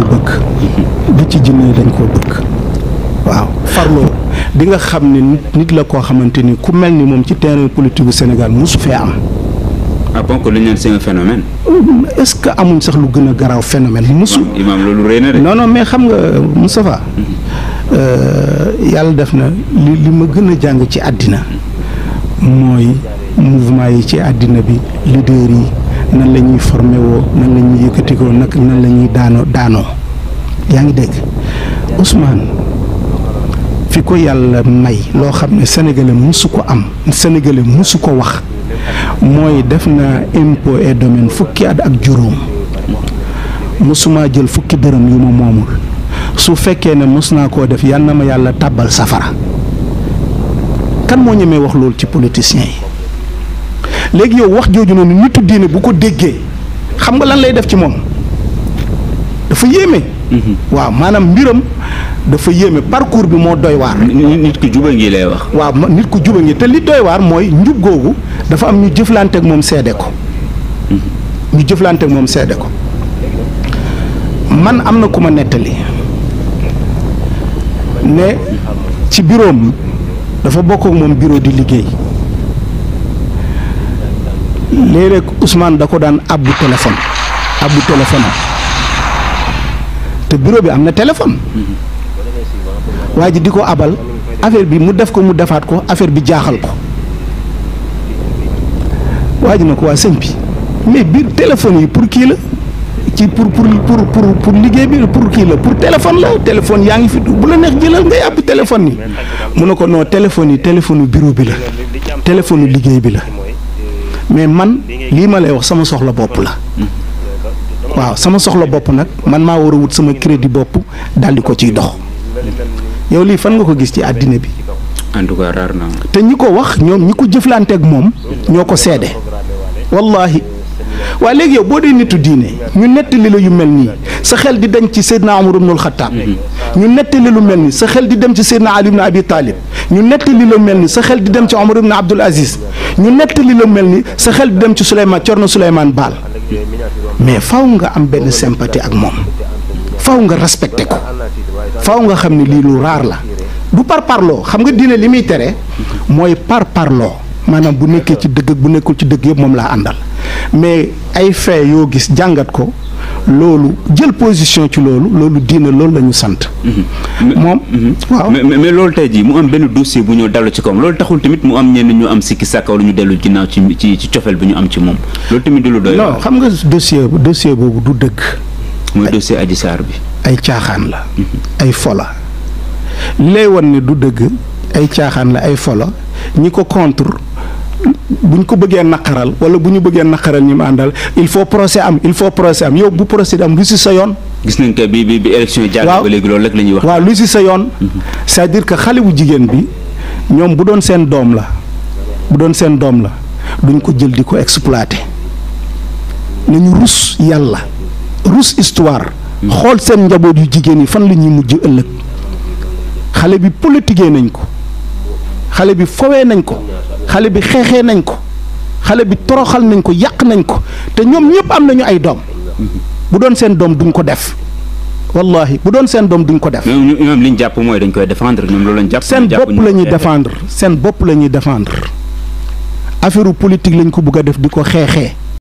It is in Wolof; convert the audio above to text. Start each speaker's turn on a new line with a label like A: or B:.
A: koy bëgg ba ci jinne dañ koo bëgg waaw farloo di nga xam ne nit la koo xamante ni ku mel ni moom ci terrain politique bu Sénégal mosu fee am. ah bon kon lu ñu phénomène. est-ce que amuñ sax lu gën a garaaw phénomène. mosu imaam loolu rëy na de. non mais xam nga Moustapha mhm. euh, yàlla def na li li ma gën a jàng ci àddina mooy mouvement yi ci àddina bi leader yi. nan la ñuy formé woo nan la ñuy yëkkatikoo nag nan lañuy ñuy daanoo daanoo yaa ngi dégg Ousmane fi ko yàlla may loo xam ne sénégalais mosu ko am sénégalais mosu ko wax mooy def na impôt et domaine fukki at ak juróom mosuma jël fukki dërëm yu ma moomul su fekkee ne mos naa koo def yal na ma yàlla tàbbal safara kan moo ñemee wax loolu ci politiciens yi léegi yow wax jooju noonu nitu diine bu ko déggee xam nga lan lay def ci moom dafa yéeme. Mm-hmm. waaw maanaam mbiram dafa yéeme parcours bi moo doy waar. nit ku juba ngi lay wax. waaw nit ku juba ngi te li doy waar mooy njub googu dafa am ñu jëflante ak moom seede ko. Mm-hmm. ñu jëflante ak moom seede ko man am na ku ma nettali ne ci bureau dafa bokk ak moom bureau di liggéey. léeg-léeg da ko daan abbu téléphone abbu téléphone te bureau bi am na téléphone waa ji di ko abal affaire bi mu def ko mu defaat ko affaire bi jaaxal ko waa ji na ko waa sëñ bi mais biir téléphone yi pour kii la ci pour pour pour pour pour liggéey bi pour kii la pour téléphone la téléphone yaa ngi fi bu la neex jëlal ngay àbb téléphone yi mu ne ko non téléphone yi téléphone bureau bi la téléphone liggéey bi la. mais man lii ma lay wax sama soxla bopp la waaw sama soxla bopp nag man maa war a wut sama crédit bopp daal di ko ciy dox yow lii fan nga ko gis ci àddina bi. tout cas raar na te ñi ko wax ñoom ñi ko jëflanteeg moom ñoo ko seede wallahi waaye léegi yow boo dee nitu diine ñu nettali la yu mel nii sa xel di dem ci Seydina Umar ibnul Xattaab mm-hmm. ñu nettali lu mel nii sa xel di dem ci Seydina Ali ibn Abi Talib ñu nettali la mel ni sa xel di dem ci Omar ibn Abdul Aziz ñu nettali la mel ni sa xel di dem ci Souleymane Thierno Souleymane Baal mais faw nga am benn sympathie ak moom faw nga respecté ko faw nga xam ni lii lu raar la du par parloo xam nga dina li muy tere mooy par parloo maanaam bu nekkee ci dëgg bu nekkul ci dëgg yëpp moom laa àndal mais ay fee yoo gis jàngat ko. loolu jël position ci loolu loolu diine loolu la ñu sant. Mm-hmm. moom mm-hmm. waaw mais mais loolu tey jii mu am benn dossier bu ñëw dalu ci kawam loolu taxul tamit mu am ñenn ñu am sikki sàkk wala ñu dellu ginnaaw ci ci ci cofeel bi ñu am ci moom loolu tamit du lu doy. non xam nga dossier dossier boobu du dëgg. mooy dossier aji saar bi. ay caaxaan la. Mm-hmm. ay fola li lay wan ne du dëgg ay caaxaan la ay fola ñi ko contre. bu buñ ko bëggee naqaral wala bu ñu bëggee naqaral ñi mu àndal il faut procès am il faut procès am yow bu procès am lu si sa yoon. gis nañ ko bi bi bi élection yi jàll ba léegi ñuy wax. waaw lu si sa yoon. Mhm. c'est-à-dire que xale bu jigéen bi ñoom bu doon seen doom la bu doon seen doom la duñ ko jël di ko exploiter nañu rus yàlla rus histoire. Mhm. xool seen njaboot yu jigéen yi fan la ñuy mujj ëllëg xale bi politiqué nañ ko xale bi fowee nañ ko. xale bi xeexee nañ ko xale bi toroxal nañ ko yàq nañ ko te ñoom ñëpp am nañu ay doom bu doon seen doom duñ ko def wallahi bu doon seen doom duñu ko def. li ñu jàpp mooy dañ koy défendre ñoom loolu lañ jàpp seen bopp la ñuy défendre seen bopp la ñuy défendre affaire politique lañ ko bëgg a def di ko xeexee.